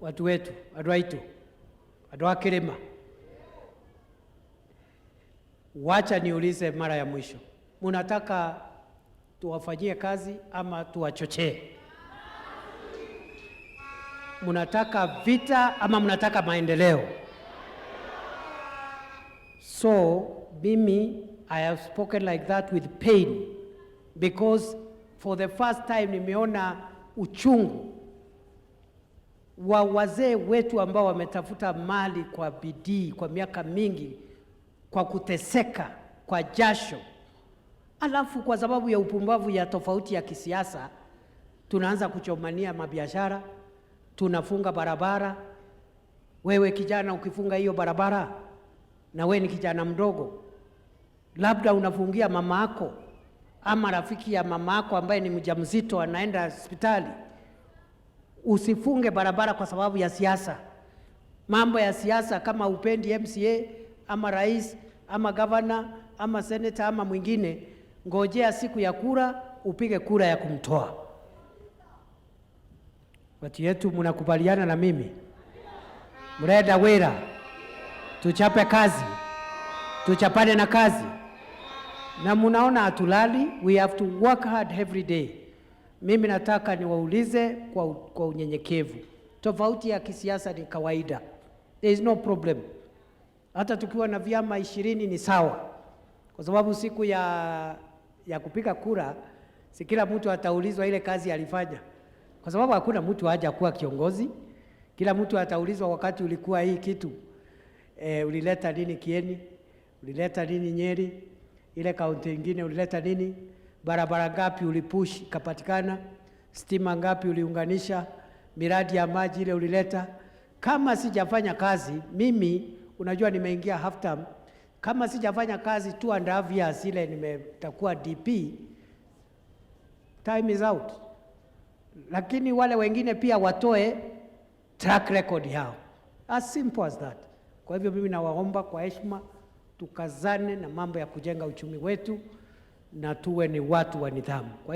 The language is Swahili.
watu wetu adwaitu waitu Wacha niulize mara ya mwisho, munataka tuwafanyie kazi ama tuwachochee? Munataka vita ama mnataka maendeleo? So mimi I have spoken like that with pain because for the first time nimeona uchungu wa wazee wetu ambao wametafuta mali kwa bidii kwa miaka mingi, kwa kuteseka, kwa jasho, alafu kwa sababu ya upumbavu ya tofauti ya kisiasa tunaanza kuchomania mabiashara, tunafunga barabara. Wewe kijana, ukifunga hiyo barabara, na wewe ni kijana mdogo, labda unafungia mama yako ama rafiki ya mama yako ambaye ni mjamzito, anaenda hospitali Usifunge barabara kwa sababu ya siasa. Mambo ya siasa, kama upendi MCA ama rais ama gavana ama seneta ama mwingine, ngojea siku ya kura upige kura ya kumtoa. Watu yetu, mnakubaliana na mimi? Mreda wera, tuchape kazi, tuchapane na kazi, na munaona hatulali, we have to work hard every day. Mimi nataka niwaulize kwa, kwa unyenyekevu, tofauti ya kisiasa ni kawaida, there is no problem. Hata tukiwa na vyama ishirini ni sawa, kwa sababu siku ya, ya kupiga kura si kila mtu ataulizwa ile kazi alifanya, kwa sababu hakuna mtu haja kuwa kiongozi. Kila mtu ataulizwa wakati ulikuwa hii kitu e, ulileta nini Kieni, ulileta nini Nyeri, ile kaunti nyingine ulileta nini barabara ngapi ulipush ikapatikana, stima ngapi uliunganisha, miradi ya maji ile ulileta. Kama sijafanya kazi mimi, unajua nimeingia half term, kama sijafanya kazi two and a half years ile nimetakuwa DP, time is out. Lakini wale wengine pia watoe track record yao, as simple as that. Kwa hivyo mimi nawaomba kwa heshima tukazane na mambo ya kujenga uchumi wetu na tuwe ni watu wa nidhamu.